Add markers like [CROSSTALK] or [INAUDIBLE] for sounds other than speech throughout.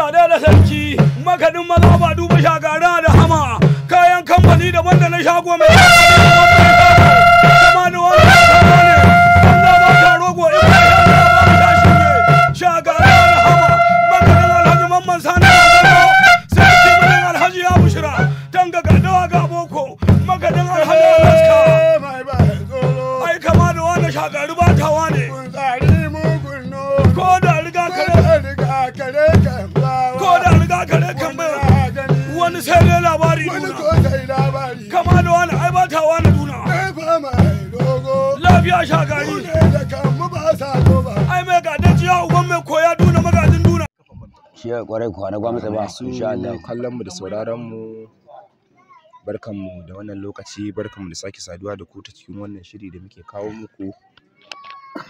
Allah da da sarki makaɗin maza ba duba shagara da hama kayan kamfani daban da na shago mai sha shagari ai mai gadan jiya? uban mai koya duna magajin duna shi ya kwarai kuwa na gwamnati ba insha Allah kallon mu da sauraron mu barkan mu da wannan lokaci barkan mu da sake saduwa da ku ta cikin wannan shiri da muke kawo muku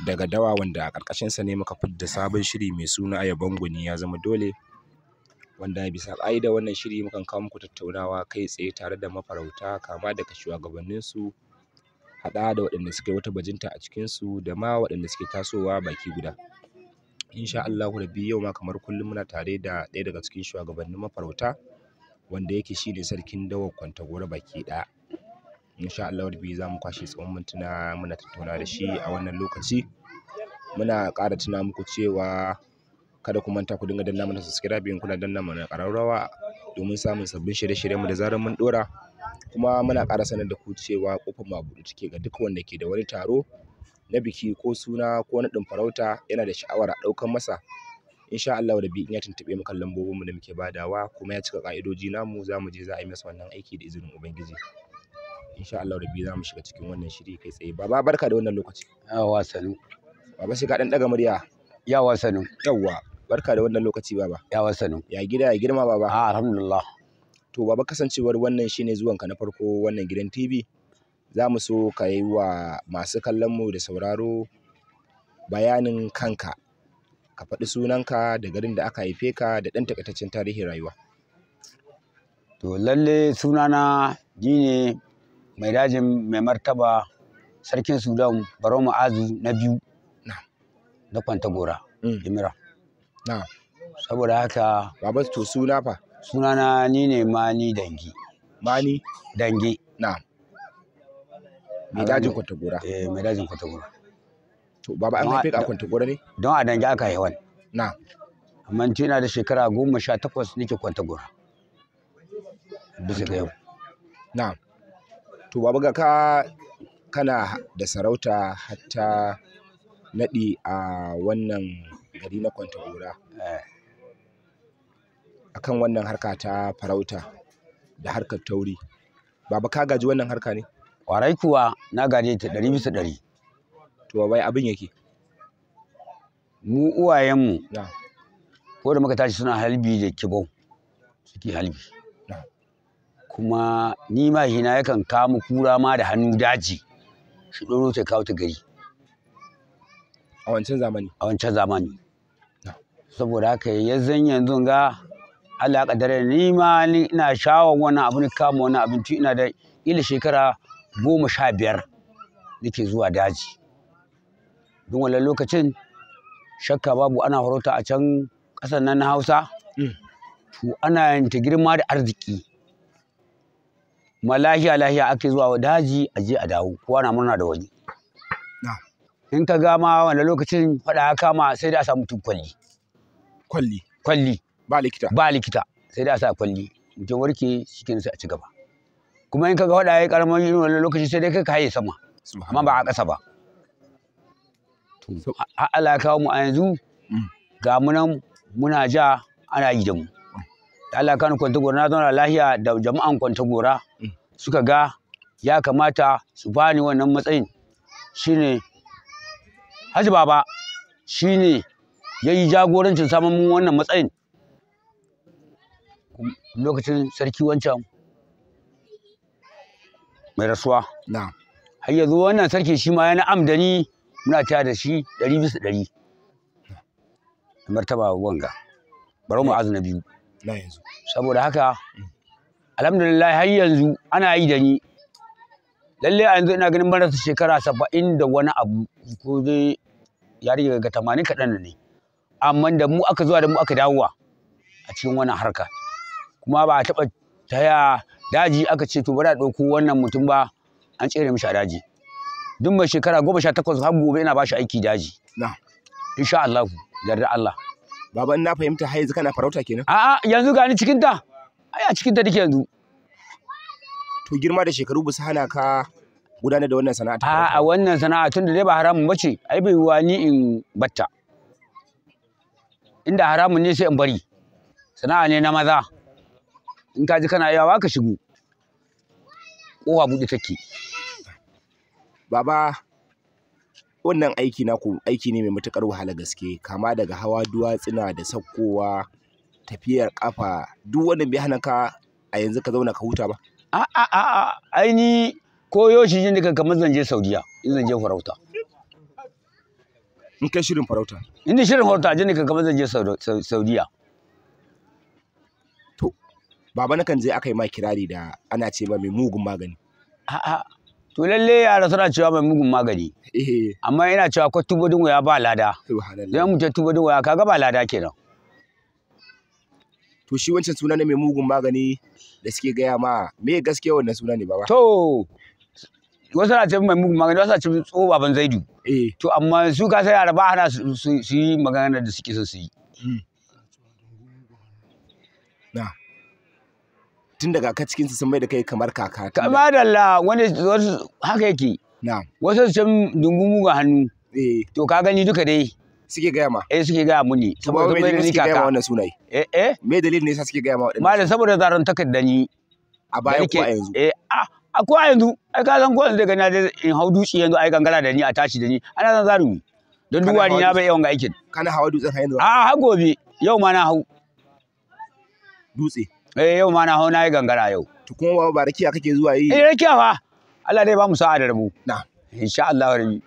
daga dawa wanda a ƙarƙashin sa ne muka fidda sabon shiri mai suna aya bangoni ya zama dole wanda bisa da wannan shiri mukan kawo muku tattaunawa kai tsaye tare da mafarauta kama daga shugabanninsu su haɗa da waɗanda suka yi wata bajinta a cikinsu da ma waɗanda suke tasowa baki guda insha Allahu rabbi yau ma kamar kullum muna tare da ɗaya daga cikin shugabannin mafarauta wanda yake shine sarkin dawar kwantagora baki ɗaya insha Allah rabbi za mu kwashe tsawon mintuna muna tattauna da shi a wannan lokaci muna ƙara tuna muku cewa kada ku manta ku dinga danna mana subscribe in kuna danna mana ƙararrawa domin samun sabbin shirye-shiryenmu da zarar mun ɗora kuma muna ƙara sanar da ku cewa ƙofar mu a buɗe take ga duk wanda ke da wani taro na biki ko suna ko na ɗin farauta yana da sha'awar a ɗaukan masa insha Allah da bi in ya tuntuɓe mu kan lambobin mu da muke badawa kuma ya cika ƙa'idoji namu za mu je za a yi masa wannan aiki da izinin ubangiji insha Allah da bi za mu shiga cikin wannan shiri kai tsaye baba barka da wannan lokaci yawa sanu baba sai ka ɗan ɗaga murya yawa sanu yawa barka da wannan lokaci baba yawa sanu ya gida ya girma baba ah, alhamdulillah to baba kasancewar wannan shine zuwanka na farko wannan gidan tv za mu so ka yi wa masu kallon mu da sauraro bayanin kanka ka faɗi sunanka da garin da aka haife ka da ɗan takaitaccen tarihin rayuwa to lalle sunana ne mai dajin mai martaba sarkin sudan baro ma'azu na biyu na kwantagora mm. imira saboda haka babas to suna fa Sunana ni ne Mani Dangi. Mani? Dangi. Na. Mai dajin Kwantagora. Eh, mai dajin Kwantagora. To, baba an haife ka Kwantagora ne? Don a dangi aka haihuwan. Na. Amma ina da shekara goma sha takwas nake Kwantagora. Bisa ga yau. Na. To, baba ga ka kana da sarauta hatta naɗi a wannan gari na Kwantagora. Eh. akan wannan harka ta farauta da harkar tauri baba ka gaji wannan harka ne warai kuwa na gaje ta ɗari bisa ɗari to bai abin yake mu uwayenmu ko da muka tashi suna halbi da kibau suke halbi kuma ni ma hina yakan kama kura ma da hannu daji shi ɗoro ta kawo ta gari a wancan zamani a wancan zamani saboda haka ya zan yanzu ga Allah ya kaddara ni ma ina shawon wannan abin kama wannan abinci ina da ila shekara goma sha biyar nake zuwa daji don wannan lokacin shakka babu ana farauta a can ƙasar nan na Hausa mm. to ana yin ta girma da arziki ma lahiya ake zuwa daji a je a dawo kowa na murna da wani in ka gama wani lokacin faɗa ya kama sai da a samu tun kwalli kwalli ba likita ba likita sai da a sa kwalli mutum warke cikin sai a ci gaba kuma in kaga hada yayi karamin wannan lokaci sai dai kai ka haye sama amma ba a ƙasa ba to Allah mu a yanzu mm. ga mu nan muna ja ana yi da mu mm. Allah kanu kwanta gora na zauna lahiya da jama'an kwanta gora mm. suka ga ya kamata su bani wannan matsayin shine Haji Baba shine ya yi jagorancin samun wannan matsayin lokacin sarki wancan mai rasuwa har yanzu wannan sarki shi ma yana amdani muna taya da shi ɗari bisa ɗari martaba wanga bari mu azna biyu saboda haka mm. alhamdulillah har yanzu ana yi da ni lalle a yanzu ina ganin marasa shekara saba'in da wani abu ko dai ya rage ga tamanin kaɗan ne amma da mu aka zuwa da mu aka dawowa a cikin wannan harkar. kuma ba a taɓa taya daji aka ce to bari a ɗauko wannan mutum ba an tsere mishi a daji duk mai shekara goma sha takwas har gobe ina ba shi aiki daji insha Allah yarda Allah baba ina fahimta har yanzu kana farauta kenan a'a yanzu gani cikin ta ai a cikin ta dake yanzu to girma da shekaru ba su hana ka gudanar da wannan sana'a a'a wannan sana'a tun da dai ba haramun bace ai bai yiwa ni in batta inda haramun ne sai in bari sana'a ne na maza in ka ji kana yawa ka shigo kowa buɗe take baba wannan aiki naku aiki ne mai matuƙar wahala gaske kama daga hawa duwatsuna da sakkowa tafiyar kafa duk wannan bai hana ka a yanzu ka zauna ka huta ba a a a a aini koyo shi jin daga kamar zan je Saudiya in zan je farauta in kai shirin farauta in shirin farauta jin daga kamar zan je Saudiya baba nakan je aka yi ma kirari da ana ce ba mai mugun magani a'a to lalle yara suna cewa mai mugun magani eh. amma ina cewa ko tubo dingo ya ba lada dan mu ce tubo dingo ya kaga ba lada kenan to shi wancan suna ne mai mugun magani da suke gaya ma me gaskiya wannan suna ne baba to wasu na cewa mai mugun magani wasu na cewa tso baban zaidu eh. to amma su ka sai yara ba hana su yi magana da suke so su yi hmm. na tun daga ka cikinsu sun mai da kai kamar kaka kamar da la wani wasu haka yake na'am wasu sun dungun muga hannu eh to ka gani duka dai suke gaya ma eh suke gaya muni saboda mai dalilin suke gaya ma wannan sunai eh eh me dalilin ne yasa suke gaya ma wannan malam saboda zaran takarda ni a baya ko a yanzu eh a a ko a yanzu ai ka san ko yanzu daga na da in hau dutse yanzu ai gangara da ni a tashi da ni ana zan zarumi don duwani na bai yawan ga aikin kana hawa dutsen har yanzu a har gobe yau ma na hau dutse Eh yau ma na hau na yi gangara yau. To kuma ba rakiya kake zuwa yi? Eh rakiya fa. Allah dai ba mu sa'a da rabu. Na. Insha Allah rabi.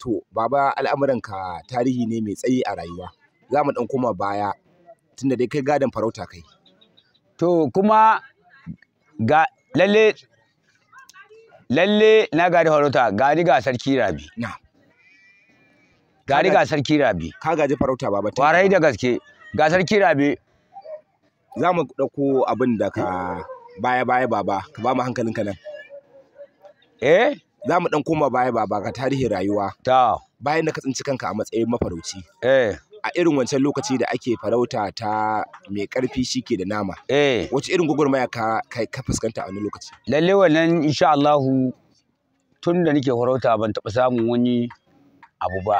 To baba al'amuran ka tarihi ne mai tsayi a rayuwa. Za mu dan koma baya tunda dai kai gadon farauta kai. To kuma ga lalle lalle na gadi farauta gadi ga sarki rabi. Na. Gadi ga sarki rabi. Ka gaji farauta baba. Warai da gaske. Ga sarki rabi za mu ɗauko abin da ka baya baya baba ka ba mu ka nan eh za mu ɗan koma baya baba ka tarihin rayuwa ta bayan da ka tsinci kanka a matsayin mafarauci eh a irin wancan lokaci da ake farauta ta mai karfi shike da nama eh wace irin gwagwarmaya ka ka fuskanta a wani lokaci lalle wannan insha Allah tun da nake farauta ban taɓa samun wani abu ba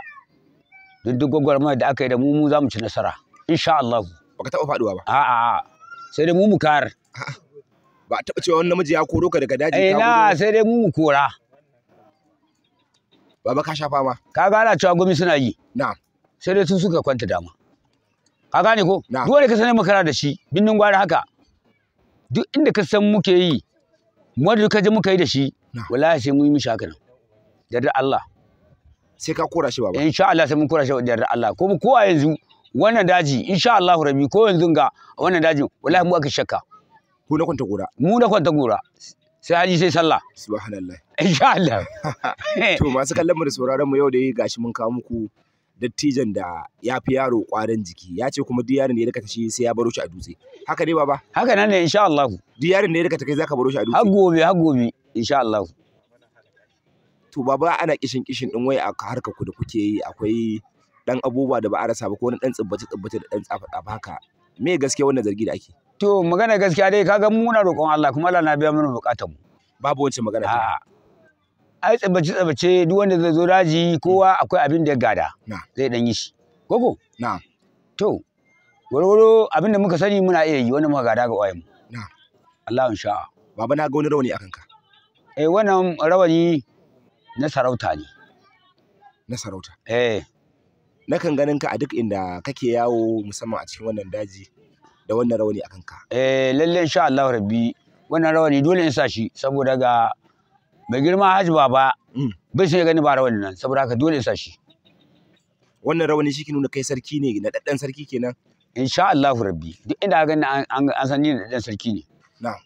duk duk gwagwarmaya da aka yi da mu mu za mu ci nasara insha Allah baka taɓa faɗuwa ba a'a sai dai mu mu kar ba a taɓa cewa wani namiji ya koro ka daga daji eh na sai dai mu mu kora baba ka shafa ma ka gana cewa gomi suna yi na'am sai dai sun suka kwanta dama ka gane ko duk wanda ka sanar makara da shi binnin gwari haka duk inda ka san muke yi wanda ka ji muka yi da shi wallahi sai mun yi mishi haka nan da Allah sai ka kora shi baba insha Allah sai mun kora shi da Allah ko kowa yanzu wannan daji insha Allah rabi ko yanzu ga wannan dajin wallahi mu aka shakka ku na kwanta gora mu na kwanta gora sai haji sai sallah subhanallah insha Allah [LAUGHS] to masu kallon mu da sauraron mu yau da gashi mun kawo muku dattijan da ya fi yaro kwarin jiki ya ce kuma duk yaron da ya ta shi sai ya baro shi a dutse haka ne baba haka nan ne insha Allah duk yaron da ya ta kai zaka baro shi a dutse har gobe har gobe insha Allah to baba ana kishin kishin din wai a harkar ku da kuke yi akwai dan abubuwa da ba a rasa ba ko wani dan tsibbace tsibbace da dan tsafa tsafa haka me gaskiya wannan zargi da ake to magana gaskiya dai kaga mu muna roƙon Allah kuma Allah na biya mana buƙatar mu babu wacce magana a'a ai tsibbace tsibbace duk wanda zai zo daji kowa akwai abin da ya gada zai dan yi shi koko na'am to gwargwaro abin da muka sani muna iya yi wani muka gada ga wayan mu na'am Allah insha baba na ga wani rawani akan ka eh wannan rawani na sarauta ne na sarauta eh nakan ganin ka a duk inda kake yawo musamman a cikin wannan daji da wannan rawani a kanka eh lalle insha Allah rabbi wannan rawani dole in sa shi saboda ga mai girma Haji Baba mm. bai sai gani ba rawani nan saboda haka dole in sa shi wannan rawani shi ke nuna kai sarki ne na daddan sarki kenan insha Allah rabbi duk inda ka gani an san ni da daddan sarki ne na'am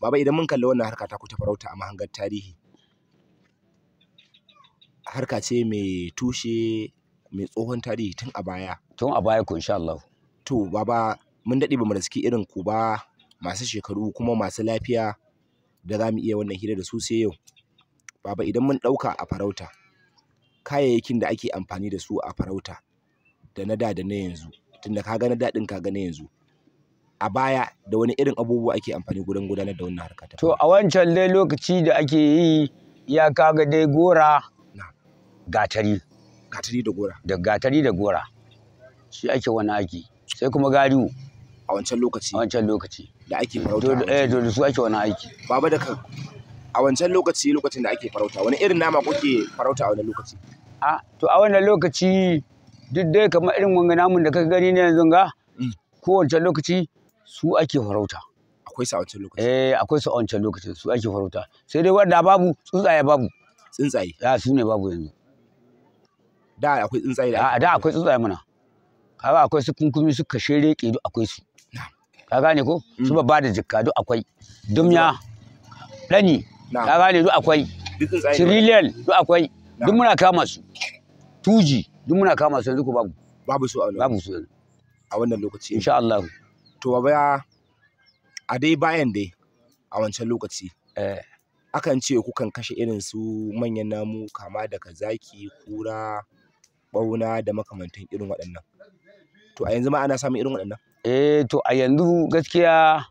baba idan mun kalli wannan harka ta ku ta farauta a mahangar tarihi harka ce mai tushe mai tsohon tarihi tun a baya tun a baya ko insha Allah to baba mun daɗe ba mu suke irin ku ba masu shekaru kuma masu lafiya da za mu iya wannan hira da su sai yau baba idan mun ɗauka a farauta kayayyakin da ake amfani da su a farauta da na da da na yanzu tunda ka ga na daɗin ka ga na yanzu a baya da wani irin abubuwa ake amfani gudan gudanar da wannan harka to a wancan dai lokaci da ake yi ya kaga dai gora gatari gatari da gora da gatari da gora shi ake wani aiki sai kuma gariwo a wancan lokaci a wancan lokaci da ake farauta eh to su ake wani aiki baba da ka a wancan lokaci lokacin da ake farauta wani irin nama kuke farauta a wani lokaci a to a wannan lokaci duk dai kamar irin wanga namun da ka gani ne yanzu ga mm. kowace lokaci su ake farauta akwai su a wancan lokaci eh akwai su a wancan lokacin su ake farauta sai dai wanda babu tsuntsaye babu tsuntsaye Ya su ne babu yanzu da akwai tsuntsaye da da akwai tsuntsaye muna kaga akwai su kunkumi su kashe reke duk akwai su ka gane ko mm. su babba da jikka duk akwai dumya dani ka gane duk akwai shiriliyal duk akwai duk muna kama su tuji duk muna kama su yanzu ko babu babu su a babu su a wannan lokaci insha Allah to baba a dai bayan dai a wancan lokaci eh. akan ce kukan kashe irin su manyan namu kama daga zaki kura ɓauna da makamantan irin waɗannan to a yanzu ma ana samun irin waɗannan eh to a yanzu gaskiya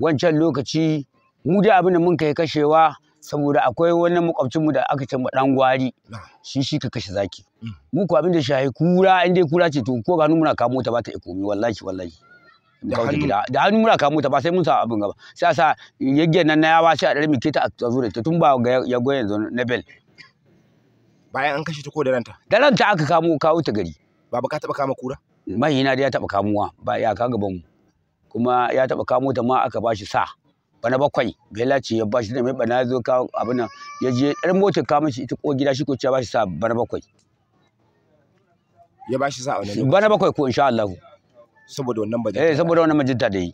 wancan lokaci mu dai abin da mun kai kashewa saboda akwai wani mu da aka ce dan gwari shi shi ka kashe zaki mm. mu ko abin da shahi kura in dai kura ce to ko ganu muna kamo ta ba ta ikomi wallahi wallahi da hannu muna kamo ta ba sai mun sa abin gaba sai sa yaggen nan na yawa sai a dare mike ta a zo da ta tun ba ga yago yanzu na bel bayan an kashe ta ko da ranta da ranta aka kamo kawo ta gari baba ka taba kama kura mai na da ya taba kamuwa ba ya ka gaban mu kuma ya taba kamo ta ma aka bashi sa bana bakwai bela ce ya bashi da mai bana zo ka abuna ya je ɗan motar kama shi ita ko gida shi ko ce bashi sa bana bakwai ya bashi sa a wannan bana bakwai ko insha Allah saboda wannan bajinta eh saboda wannan bajinta da yi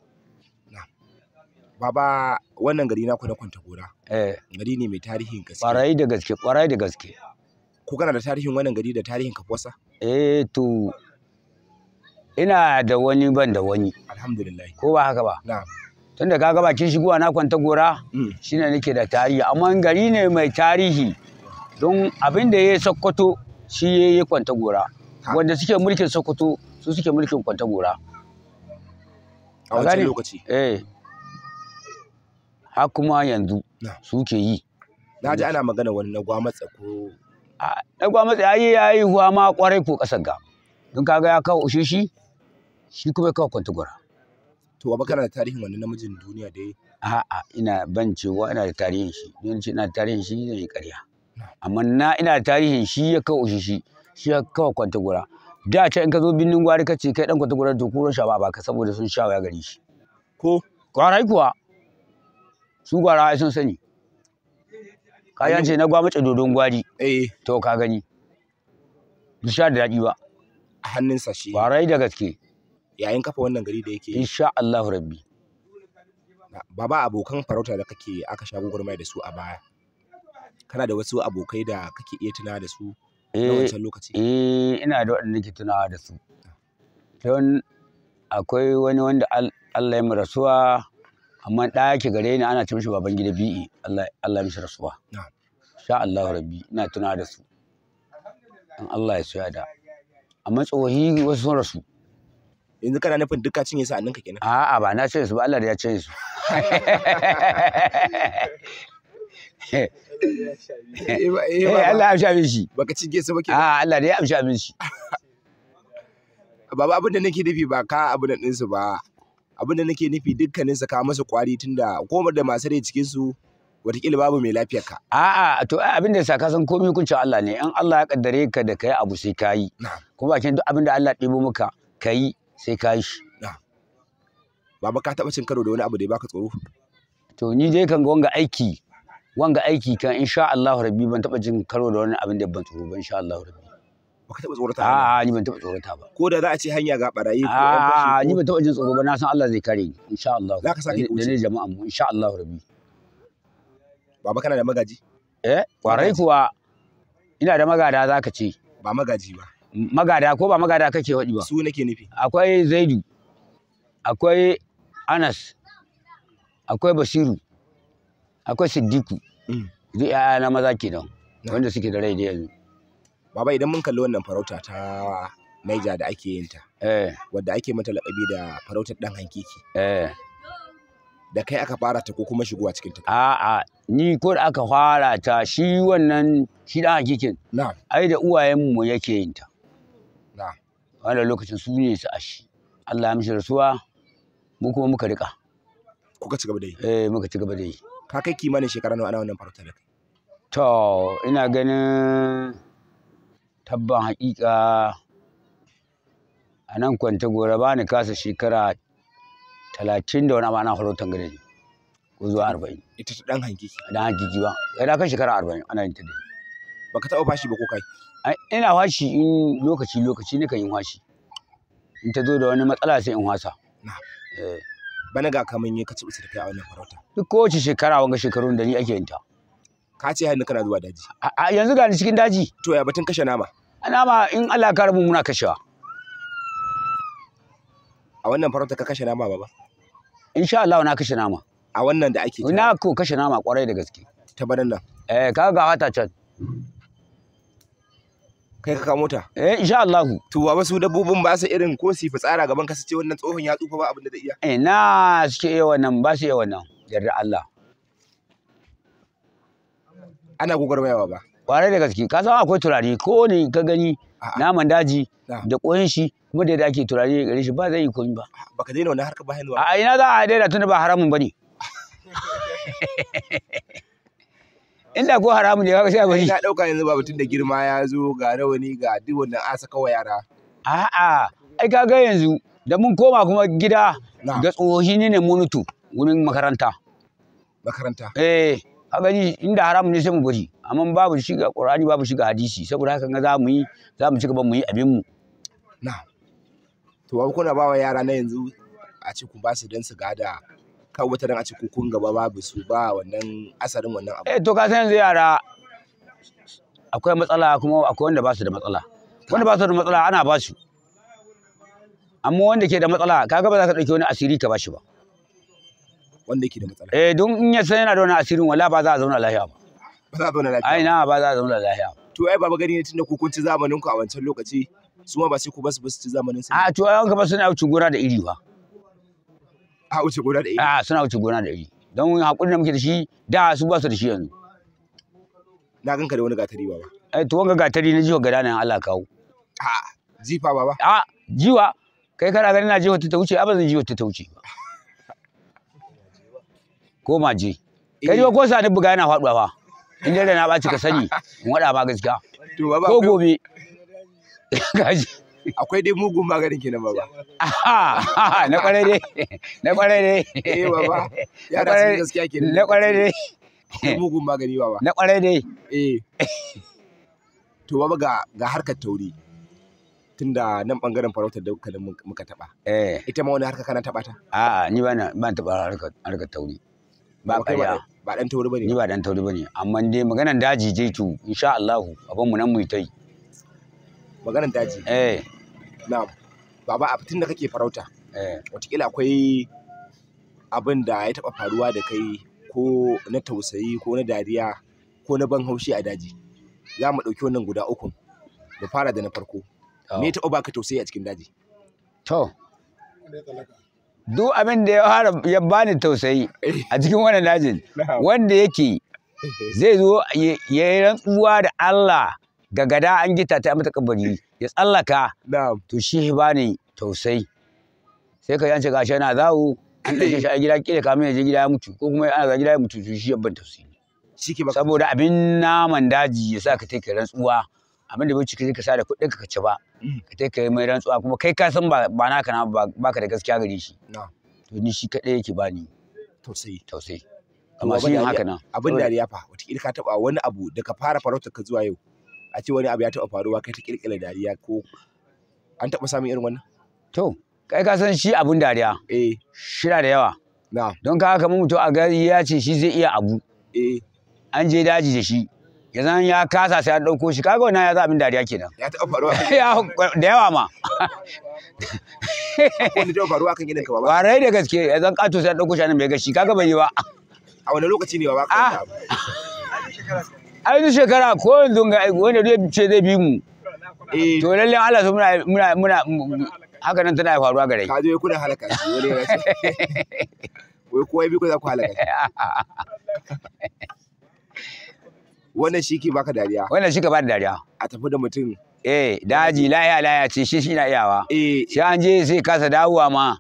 baba wannan gari naku na kwanta gora eh gari ne mai tarihin gaske kwarai da gaske kwarai da gaske ko kana da tarihin wannan gari da tarihin kafuwarsa eh to ina da wani ban da wani alhamdulillah ko ba haka ba na'am tunda kaga bakin shigowa na kwanta gora mm. shine nake da tarihi amma gari ne mai tarihi don abin da ya sokoto shi ya yi kwanta gora wanda suke mulkin sokoto su suke mulkin kwanta gora a wancan lokaci eh Ha kuma yanzu suke yi na ji ana magana wani na gwamatsa ko na gwa matsa ya yayi huwa ma kwarai ko kasar ga don kaga ya kawo ushe shi kuma ya kawo kwantagora to ba kana da tarihin wannan namijin duniya da yayi a'a ina ban cewa ina da tarihin shi don ce ina da tarihin shi zai ƙarya amma na ina da tarihin shi ya kawo ushe shi ya kawo kwantagora da can in ka zo binnin gwari ka ce kai dan kwantagora to ko sha ba baka saboda sun sha waya gari shi ko kwarai kuwa su gwara sun sani ka ce na gwamnati dodon gwari eh to ka gani insha da daɗi ba a hannunsa shi barai da gaske yayin kafa wannan gari da yake insha Allahu rabbi baba abokan farauta da kake aka sha gurmai da su a baya kana da wasu abokai da kake iya tuna da su na eh, wancan lokaci eh ina da wanda nake tunawa da su don akwai wani wanda Allah ya rasuwa amma ɗaki gare ni ana ce mishi baban gida bi'i e. Allah Allah mishi rasuwa sha Allah rabbi ina tuna da su in Allah ya soya da amma tsohi wasu sun rasu yanzu kana nufin duka cinye su annanka kenan a'a ba na cinye su ba Allah da ya cinye su eh, eh Allah ya amshi shi baka cinye su ba ke. a'a Allah da ya amshi shi baba abin da nake nufi ba ka abin da ɗinsu ba abin da nake nufi dukkaninsa ka masa kwari tunda komar da masu rai cikin su wataƙila babu mai lafiyar ka a'a to abin da sa ka san komai hukuncin Allah ne in Allah ya kaddare ka da kai abu sai ka yi kuma bakin duk abin da Allah ya ɗebo maka kai sai ka yi shi baba ka taɓa cin karo da wani abu da ya baka tsoro to ni dai kan wanga aiki wanga aiki kan insha Allah rabbi ban taɓa jin karo da wani abin da ban tsoro ban insha Allah rabbi baka taɓa tsorata ba a'a ni ban taɓa tsorata ba ko da za a ce hanya ga barayi a'a ni ban taɓa jin tsoro ba na san Allah zai kare ni insha Allah za ka sake da ne jama'an mu insha Allah rabbi baba kana da magaji eh kwarai kuwa ina da magada za ka ce ba magaji ba magada ko ba magada kake waɗi ba su nake nufi akwai zaidu akwai anas akwai basiru akwai siddiku mm. duk 'ya'ya na maza kenan wanda suke da rai da yanzu Baba idan mun kalli wannan farauta ta Niger da ake yin ta. Eh. Wadda ake mata laƙabi da farautar ɗan hankiki. Eh. Da kai aka fara ta ko kuma shigowa cikin ta. A'a, ni ko da aka fara ta shi wannan shi ɗan hankikin. Na'am. Ai da uwayenmu yake yin ta. Na'am. Wannan lokacin su ne su ashi. Allah ya mishi rasuwa mu kuma muka rika. Kuka ci gaba da yi. Eh, muka ci gaba da yi. Ka kai kimanin shekara nawa ana wannan farautar da kai? To, ina ganin tabban haƙiƙa a nan kwanta gora ba ni kasa shekara talatin da wani amma na farautan gare ne ko zuwa arba'in. Ita ta ɗan hankiki? Ɗan hankiki ba. Kai na kan shekara arba'in ana yin ta da Ba ka taɓa fashi ba ko kai? Ina fashi in lokaci lokaci ne kan yi fashi. In ta zo da wani matsala sai in wasa. Eh. Bana ga kamar yi ka ci bisa tafiya a wannan farauta. Duk kowace shekara wanga shekarun da ni ake yin ta. ka ce yanzu kana zuwa daji a yanzu ga ni cikin daji to ya batun kashe nama nama in Allah ka rabu muna kashewa a wannan farauta ka kashe nama baba insha Allah na kashe nama a wannan da ake na ko kashe nama kwarai da gaske ta banan nan eh ka ga wata can kai ka kamota eh insha Allah to baba su dabbobin ba su irin ko su fitsara gaban ka su ce wannan tsohon ya tsufa ba abin da da iya eh na suke iya eh wannan ba su iya wannan yarda Allah ana gwagwarmayawa ba kwarai da gaske ka san akwai turare ko ne ka gani naman daji da koyin shi kuma da yadda ake turare gare shi ba zai yi komi ba baka daina wannan harkar bayan a ina za a daina tunda ba haramun bane [LAUGHS] inda ko haramun ne ka sai bari Ina dauka yanzu ba mutun da girma ya zo ga rawani ga duk wannan asa kawai yara a'a ai ka ga yanzu da mun koma kuma gida ga tsohi ne ne tu. wurin makaranta makaranta eh haka inda haramu ne sai mu gwaji amma babu shiga qur'ani babu shiga hadisi saboda haka za mu yi za mu ci gaba mu yi abin mu na to ba kuna ba wa yara na yanzu a ci ku ba su dan su gada kan wata dan a ku kun gaba babu su ba wannan asarin wannan abu eh to ka san yanzu yara akwai matsala kuma akwai wanda ba su da matsala wanda ba su da matsala ana ba su amma wanda ke da matsala kaga ba za ka ɗauki wani asiri ka ba shi ba wanda yake da matsala eh don in ya san yana da wani asirin wala ba za a zauna lafiya ba ba za a zauna lafiya ai na ba za a zauna lafiya ba to ai baba gani ne tunda ku kun ci zamanin ku a wancan lokaci su ma ba sai ku ba su ba su ci zamanin su a ah, to ai wanka ba suna wuce gona da iri ba a wuce gona da iri a ah, suna wuce gona da iri don hakurin da muke da shi da su ba su da shi yanzu na ganka da wani gatari baba Ai eh, to wanga gatari na jiwa gada nan Allah kawo a jifa baba a ah, jiwa kai kana ganin na jiwa ta wuce a ba zan jiwa ta wuce ba ko maje kai eh. ko sani buga yana faduwa fa in dare na baci ka sani in wada ma gaskiya ko gobe [LAUGHS] gaji akwai dai mugun maganin kenan baba na kwarai dai na kwarai dai eh baba ya da gaskiya kenan na kwarai dai mugun magani baba na kwarai dai eh [LAUGHS] to baba ga ga harkar tauri tunda nan bangaren farautar da muka taba eh ita ma wani harka kana taba ta a'a ni bana ban taba harkar harkar tauri ba ƙarya ba dan tauri bane ni ba dan tauri bane amma dai maganan daji je tu insha Allah abin mu nan mu tai maganan daji eh na'am baba a fitin da kake farauta eh wataƙila akwai abin da ya taɓa faruwa da kai ko na tausayi ko na dariya ko na ban haushi a daji za mu ɗauki wannan guda uku mu fara da na farko me oh. ya taɓa baka tausayi a cikin daji to duk abin da ya fara ya bani tausayi a cikin wannan dajin wanda yake zai zo ya yi rantsuwa da Allah ga gada an gita ta mata kabari ya tsallaka to shi ya bani tausayi sai ka ce gashi yana zawo an ɗauke shi a gida ƙila kamin ya je gida ya mutu ko kuma ana za gida ya mutu to shi ban tausayi saboda abin naman daji ya sa ka take rantsuwa abin da bai ciki ka sa da kuɗin ka ci ba mm. ka ta kai mai rantsuwa kuma kai ka san ba naka na ba ka da gaskiya gare shi to ni shi kaɗai yake ba ni. tausayi tausayi amma shi haka nan abin da ya fa wataƙila ka taba wani abu da ka fara farauta ka zuwa yau a ce wani abu ya taba faruwa kai ta kirkira dariya ko an taba samun irin wannan to kai ka san shi abun dariya eh shi da yawa Na. don ka haka mun to a gari ya ce shi zai iya abu eh an je daji da shi yanzu ya kasa sai an ɗauko shi kaga wannan ya za abin dariya kenan ya taɓa faruwa ya da yawa ma wanda taɓa faruwa kan gidanka ba warai da gaske yanzu kato sai an ɗauko shi nan bai gashi kaga ban yi ba a wani lokaci ne ba ka ah. ai duk shekara ko yanzu ga wanda zai ce zai bi mu eh. to lalle Allah su muna muna muna haka nan tana faruwa gare ka je kuna halaka wani ya wai kowa bi ku za ku halaka [LAUGHS] wannan shi ke baka dariya wannan shi ka bada dariya a tafi da mutum eh daji laya laya ce shi shi na iyawa eh sai an je sai kasa dawowa ma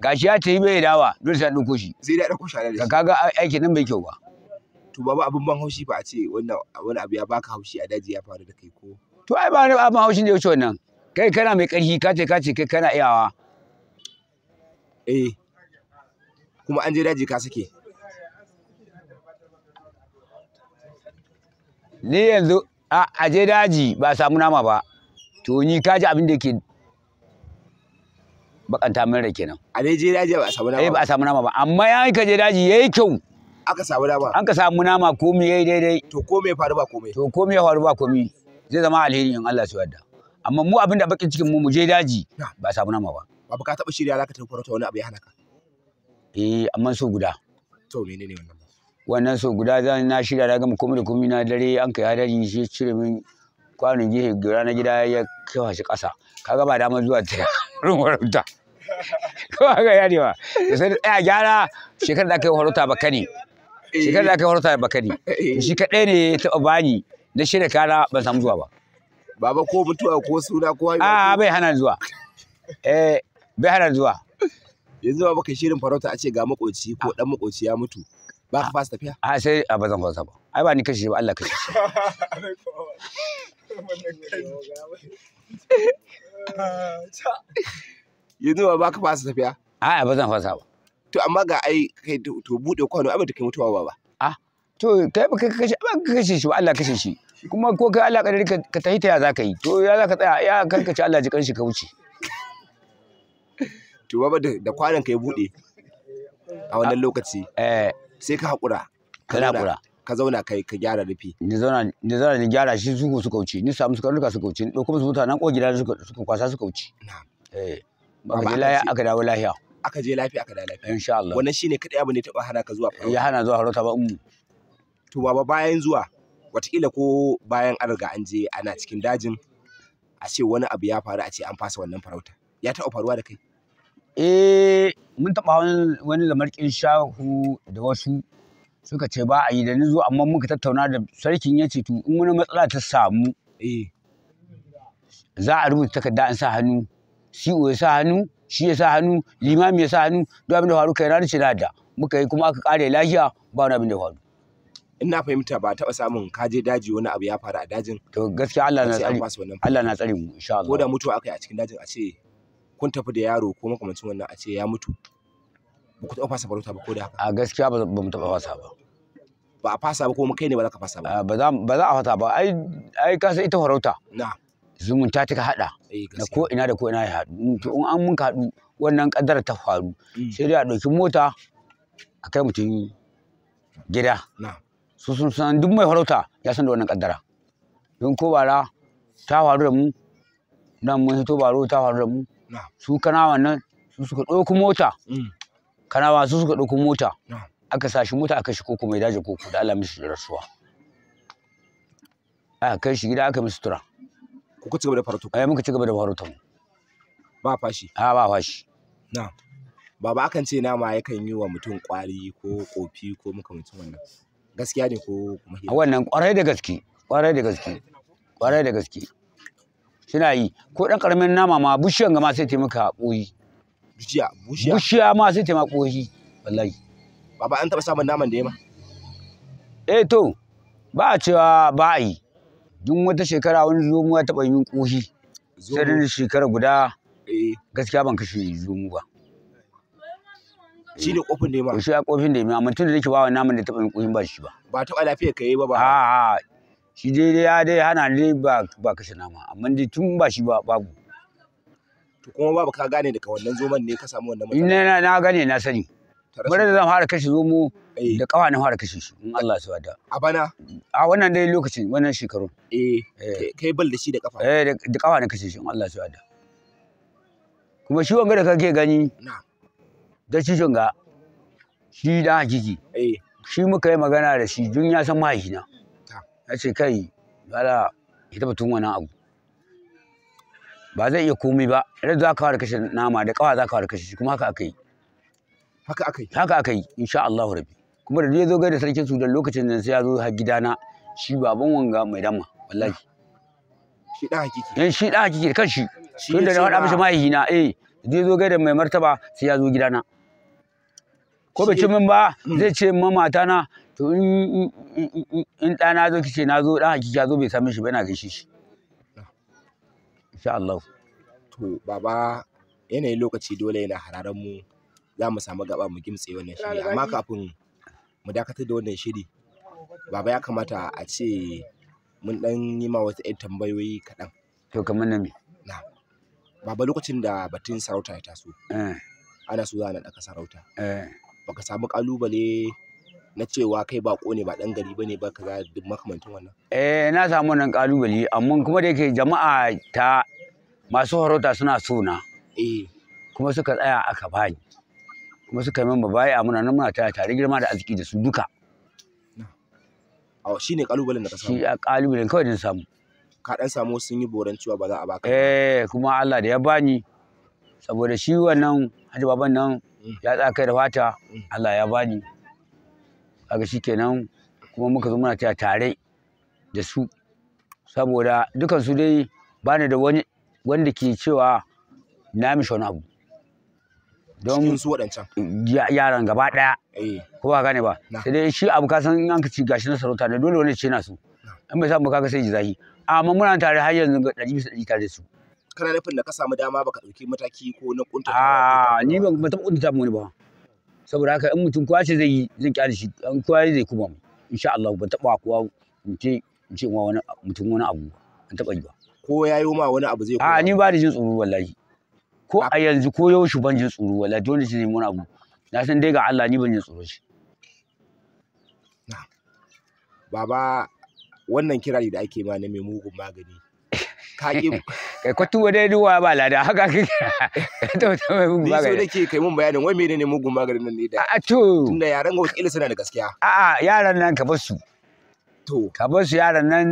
gashi ya yi bai dawa dole sai ɗauko shi sai da ɗauko shi ka kaga aikin nan bai kyau ba to baba abin ban haushi ba a ce wannan wani abu ya baka haushi a daji ya faru da kai ko to ai ba abin haushi da ya wuce wannan kai kana mai ƙarfi ka ce ka ce kai kana iyawa eh kuma an je daji ka sake ni yanzu a je daji ba samu nama ba to ni ka ji abin da ke bakanta min rai kenan a dai je daji ba samu nama eh ba samu nama ba amma yayin ka je daji yayi kyau aka samu nama an ka samu nama komai yayi daidai to me faru ba komai to ya faru ba komai zai zama alheri in Allah su yarda amma mu abin da bakin cikin mu mu je daji ba samu nama ba ba ka taba shirya zaka tafi farauta wani abu ya hana ka eh amma so guda to menene wannan wannan so guda zan na shirya na gama komai da komai na dare an kai hadari shi cire min kwanon gihe gura na gida ya kewa shi ƙasa kaga ba dama zuwa ta rin warauta ko ga ya ba da sai tsaya gyara shekarar da aka yi warauta baka ne shekarar da aka yi warauta baka ne eh. shi kaɗai ne ya taɓa bani na shirya kana ban samu zuwa ba baba ko mutuwa ko suna ko a bai hana zuwa eh bai hana zuwa yanzu ba kai shirin farauta a ce ga makoci ko dan ah. makoci ya mutu ba ka ah. fasa tafiya a ah, sai a ah, bazan fasa ba ai ba ni kashe ba Allah kashe shi yanzu ba ba ka fasa tafiya a ba zan fasa ba to amma ga ai kai to bude kwano abin da ta kai mutuwa ba ba a to kai ba ka kashe ba ka kashe shi ba Allah kashe shi kuma ko kai Allah kadari ka ta ta ya zaka yi to ya zaka tsaya ya karkace Allah ji kanshi ka wuce to ba da kwanan ka ya bude a wannan lokaci eh sai ka haƙura ka haƙura ka zauna kai ka gyara rufi ni zauna ni zauna ni gyara shi su suka wuce ni samu suka ruka suka wuce ni kuma su mutanen ko gida suka suka kwasa suka wuce na'am eh ba lafiya aka dawo lafiya aka je lafiya aka dawo lafiya insha Allah wannan shine kadai abu ne taba hana ka zuwa farauta ya hana zuwa farauta ba ummu to baba bayan zuwa watakila ko bayan an riga an je ana cikin dajin a ce wani abu ya faru a ce an fasa wannan farauta ya taɓa faruwa da kai Eh, mun taɓa wani lamarƙin shahu da wasu suka ce ba a yi da ni zo amma muka tattauna da sarkin ya ce to in wani matsala ta samu eh. za a rubuta takarda an sa hannu CEO ya sa hannu shi ya sa hannu limami ya sa hannu duk abin da faru kai ranar ce da muka yi kuma aka kare lafiya ba wani abin da faru in na fahimta ba taɓa samun kaje daji wani abu ya faru a dajin to gaskiya Allah na tsare Allah na tsare mu insha Allah ko da mutuwa aka yi a cikin dajin a ce kun tafi da yaro ko makamancin wannan a ce ya mutu ba ku taɓa fasa farauta ba ko da haka a gaskiya ba mu taɓa fasa ba ba a fasa ba ko kai ne ba za ka fasa ba ba za a fasa ba ai ai ka san ita farauta na zumunta ta haɗa eh, na ko ina da ko ina ya haɗu to in an mun haɗu wannan kadar ta faru mm. sai dai a ɗauki mota a kai mutum gida su sun san duk mai farauta ya san da wannan kadara don ko bara ta faru da mu nan mun hito baro ta faru da mu su kanawa nan su suka ɗauko mota mm. kanawa su suka ɗauko mota aka sa shi mota aka shi koko mai daji koko da Allah mishi rasuwa aka kai shi gida aka mishi tura kuka cigaba da farauta ai eh, muka cigaba da farauta mu ba fashi a ah, ba fashi na'am baba akan ce nama yakan yi wa mutum kwari ko kofi ko muka mutum wannan gaskiya ne ko kuma wannan kwarai da gaske kwarai da gaske kwarai da gaske suna yi ko ɗan ƙaramin nama ma bushiyan ga ma sai taimaka ɓoyi bushiya bushiya bushiya ma sai taimaka ɓoyi wallahi baba an taɓa samun naman da ya ma eh to ba a cewa ba a yi duk wata shekara wani zomu ya taɓa yin ƙoshi sai da shekara guda eh. gaskiya ban kashe zomu ba shi ne kofin da ya ma shi ya kofin da ya ma mutum da yake ba wa naman da taɓa yin ƙoshin ba shi ba ba taɓa lafiyar ka yi ba ba a shi dai ya dai hana dai ba ba kashe nama amma dai tun ba shi ba babu to kuma babu ka gane daga wannan zoman ne ka samu wannan matsala ina na gane na sani bare da zan fara kashe zomo eh. da kawa na fara kashe shi in Allah ya wada a bana a wannan dai lokacin wannan shekarun eh, eh. kai bal da shi da kafa eh da kawa na kashe shi in Allah ya wada kuma shi wanga da kake gani da shi shunga shi da hakiki eh. shi muka yi magana da shi dun ya san mahaifina na ce kai ki ita batun wani abu ba zai iya komai ba idan za ka fara kashe nama da kawa za ka fara kashe kuma haka aka yi haka aka yi haka aka yi insha Allah rabbi kuma da ya zo gaida sarkin su da lokacin da sai ya zo har gidana shi baban wanga mai dama wallahi shi da hakiki yan eh, shi da hakiki kan shi tun da na faɗa mishi mahaihina eh da ya zo gaida mai martaba sai ya zo gidana ko bai ci min ba zai ce ma na? to in ɗa na zo kice na zo ɗan hakiki ya zo bai same shi ba ina gaishe shi insha Allah to baba yanayin lokaci dole yana hararen mu za mu samu gaba mu gimtse wannan shiri amma kafin mu dakatar da wannan shiri baba ya kamata a ce mun dan yi ma wasu yan tambayoyi kaɗan to kamar na me baba lokacin da batun sarauta ya taso eh. ana so za a sarauta eh. baka samu ƙalubale na cewa kai bako ne ba dan gari bane ba kaza duk makamantin wannan eh na samu wannan kalubale amma kuma da yake jama'a ta masu horota suna sona eh kuma suka tsaya aka bani kuma suka min babaye a muna nan muna tare tare girma da arziki da su duka a ne kalubalen da ka samu shi kalubalen kawai din samu ka dan samu sun yi boran cewa ba za a baka eh kuma Allah da ya bani saboda shi wannan hajji baban nan mm. ya tsaka da fata mm. Allah ya bani kaga shikenan kuma muka zo muna tare da su saboda dukan su dai ba ni da wani wanda ke cewa na mishi wani abu don su waɗancan yaran gaba ɗaya eh. ko ba gane ba sai dai shi abu ka san an ka ci gashi na sarauta ne dole wani ce na su in bai samu kaga sai ji zahi amma muna tare har yanzu ga ɗari bisa ɗari tare da su kana nufin da ka samu dama baka ɗauki mataki ko na kunta a ni ban taɓa kunta mu ne ba saboda haka in mutum kowa ce zai yi zan kyale shi an kowa zai kuma mu insha Allah ban taba kowa in ce in ce wani mutum wani abu ban taba yi ba ko yayo ma wani abu zai a ni ba da jin tsoro wallahi ko a yanzu ko yaushe ban jin tsoro wallahi dole shi ne wani abu na san dai ga Allah ni ban jin tsoro shi baba wannan kirari da ake ma na mai mugun magani ka ki [LAUGHS] kai kwatu wa dai duwa ba lada haka kike [LAUGHS] to to mugun magani ni so nake kai mun bayanin wai menene mugun maganin nan ne da a to tunda yaran ga wasu suna da gaskiya a a yaran nan ka bar su to ka bar su yaran nan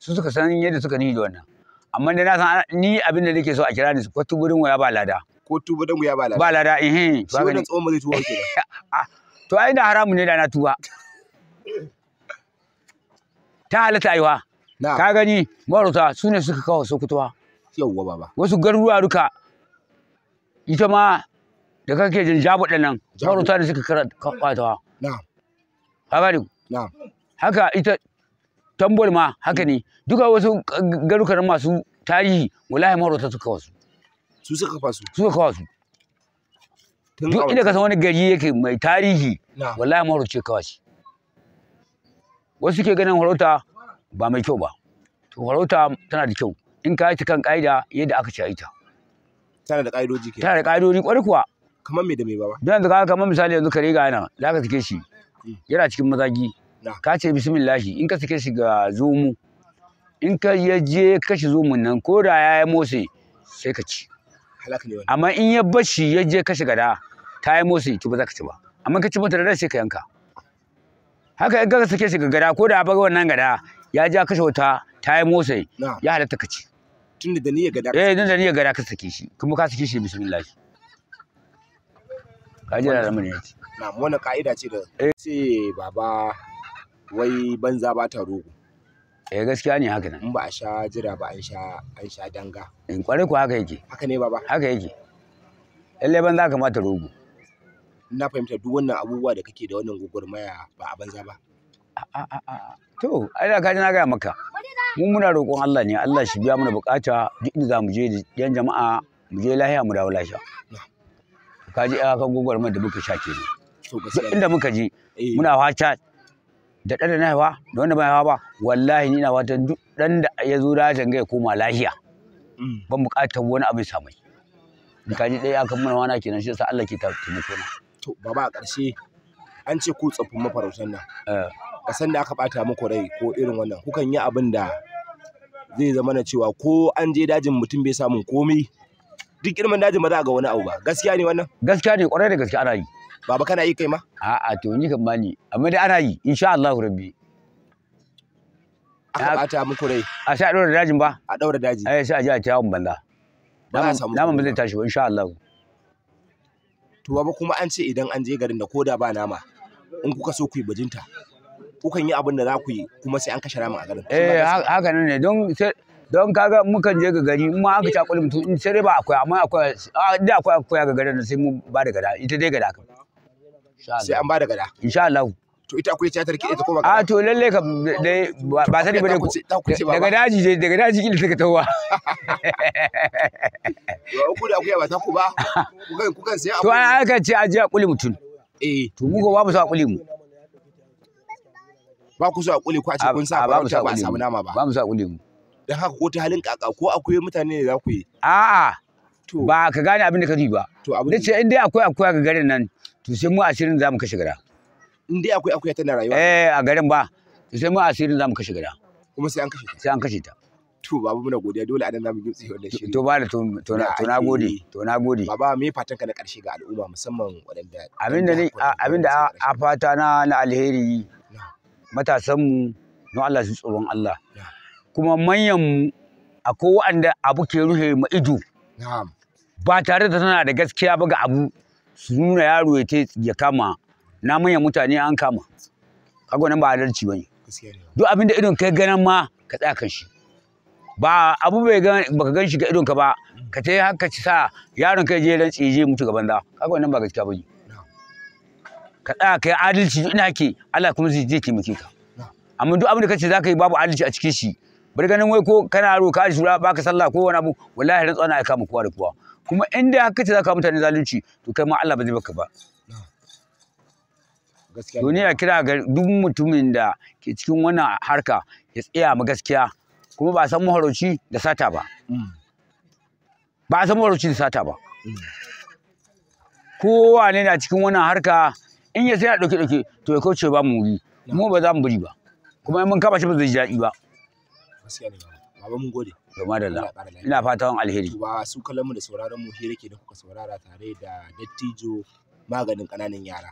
su suka san yadda suka ni da wannan amma dai na san ni abin da nake so a kira ni kwatu gurin waya ba lada ko tuba dan wuya ba lada ba lada eh shi wannan tsohon ba zai tuba ke [LAUGHS] ah, to ai da haramu ne da na tuwa ta halatta aiwa ka gani marauta su ne suka kawo sokutuwa. yauwa baba wasu garuruwa duka ita ma da kake jin jabu nan marauta ne suka kawo ka gani haka ita tambol ma haka ne duka wasu garukan masu tarihi wallahi marauta suka kawo su suka kawo su suka kawo duk inda ka san wani gari yake mai tarihi wallahi marauce kawo shi wasu ke ganin harauta ba mai kyau ba to farauta tana da kyau in ka yi ta kan ƙa'ida yadda aka ci ita tana da ƙa'idoji ke tana da ƙa'idoji ƙwarai kuwa kamar me da me ba don yanzu kaga kamar misali yanzu kare ga yana za ka sake shi mm. yana cikin mazagi ka ce bismillah in ka sake shi ga zomu in ka ya je kashe zomun nan ko da ya yi motsi sai ka ci amma in ya bashi ya je kashe gada ta yi motsi to ba za ka ci ba amma ka ci mata da sai ka yanka haka in ka sake shi ga gada ko da ba wannan gada ya ja kashe wata ta yi motsa ya halatta ka ci tunda da ya gada eh tunda da ya gada ka sake shi kuma ka sake shi bismillah ka ji da ya ci. na wannan ka'ida ce da sai eh. baba wai banza ba ta rogo eh gaskiya ne haka nan in ba a sha jira ba an sha an sha danga in eh, kware ku haka yake haka ne baba haka yake lalle banza kamata rogo na fahimta duk wannan abubuwa da kake da wannan gwagwarmaya ba a banza ba a'a To, ai da kaji na gaya maka. Mu muna roƙon Allah ne, Allah shi biya mana bukata duk inda za mu je da yan jama'a mu je lahiya mu dawo lafiya. Kaji ya kan gogwar da muka sha ke Duk inda muka je eh. muna fata da ɗan da na haifa da wanda bai haifa ba wallahi ni na fatan duk ɗan da ya zo da ya koma lahiya. Mm. Ban buƙatar wani abu ya samai. Kaji ɗaya akan mana wana kenan shi yasa Allah ke taimako na. To baba a ƙarshe an ce ku tsofin mafarautan nan. Eh. kasan da aka bata muku rai ko irin wannan kukan yi abin da zai zama na cewa ko an je dajin mutum bai samun komai duk girman dajin ba za a ga wani abu ba gaskiya ne wannan gaskiya ne kwarai da gaskiya ana yi baba kana yi kai ma a'a to ni kan bani amma dai ana yi insha Allah rabbi aka bata muku rai a sha daura dajin ba a daura daji eh sai a ji a tawo banza ba za samu naman ba zai tashi ba insha Allah to baba kuma an ce idan an je garin da koda ba nama in kuka so ku yi bajinta kukan yi abin da za ku yi kuma sai an kashe ramin a garin eh haka ne don don kaga mukan je ga gari mu aka ci akwai mutum in sai dai ba akwai amma akwai da akwai akwai ga garin sai mu ba da gada ita dai gada sai an ba da gada insha Allah to ita akwai tiyatar ki ita ko ba a to lalle ka dai ba sani ba daga daji dai daga daji kila take tawa Yo [LAUGHS] ku da akuya ba ta ku ba ku kan ku kan sai to an aka ce aje akuli mutum eh to mu ko babu sa akuli mu ba ku so a kule ko a ce kun sa farauta ba a samu nama ba ba mu sa a kule mu dan haka ko ta halin kaka ko akwai mutane ne za ku yi a'a ba ka gane abin da ka ji ba da ce in dai akwai akwai ga garin nan to sai mu asirin zamu kashe gara in dai akwai akwai tana rayuwa eh a garin ba to sai mu asirin zamu kashe gara kuma sai an kashe ta sai an kashe ta to babu muna godiya dole anan zamu tsiyo da shi to da to to na gode to na gode baba me fatan ka na karshe ga al'umma musamman waɗanda abinda ne abinda a fata na na alheri matasanmu don Allah su tsoron Allah kuma manyanmu akwai waɗanda abu ke ruhe ma ido ba tare da tana da gaskiya ba ga abu su nuna yaro ya te ya kama na manyan mutane an kama Kago nan ba adalci bane duk da idon kai ganan ma ka tsaya kan shi ba abu bai ga baka gan shi ga idon ka ba ka tai haka ci sa yaron kai je ran tsije mutu gaban da Kago nan ba gaskiya ba ne. ka tsaya kai adalci ina ke Allah kuma zai zai taimake ka amma duk abin da kace zaka yi babu adalci a cikin shi bari ganin wai ko kana aro ka ba baka sallah ko wani abu wallahi rantsa na aika muku da kuwa. kuma inda haka kace zaka mutane zalunci to kai ma Allah ba zai baka ba gaskiya duniya kira ga duk mutumin da ke cikin wannan harka ya tsaya ma gaskiya kuma ba san mahoroci da sata ba mm. ba san mahoroci da sata ba mm. kowa ne na cikin wannan harka in ya sai ya ɗauke ɗauke to ya kauce ba mu wuri mu ba za mu bari ba kuma in mun kama shi ba zai ji daɗi ba. baba mun gode. Gama da Allah ina fatan alheri. Ba su kallon mu da sauraron mu hira ke da kuka saurara tare da dattijo maganin ƙananan yara.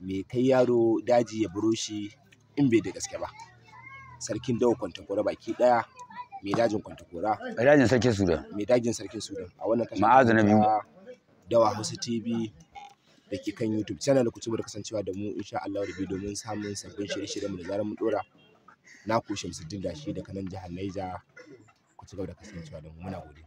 Me kai yaro daji ya buro shi in bai da gaske ba. Sarkin dawo kwantakora baki ɗaya mai dajin kwantakora. Mai dajin sarkin Sudan. Mai dajin sarkin Sudan a wannan tashar. Ma'azana biyu. Dawa Hausa TV da ke kan YouTube channel ku ci da kasancewa da mu insha Allah rabi domin samun sabbin shirye-shiryen mu da zarar mun dora na ku Shamsuddin Dashi daga nan jihar Niger ku da kasancewa da mu muna gode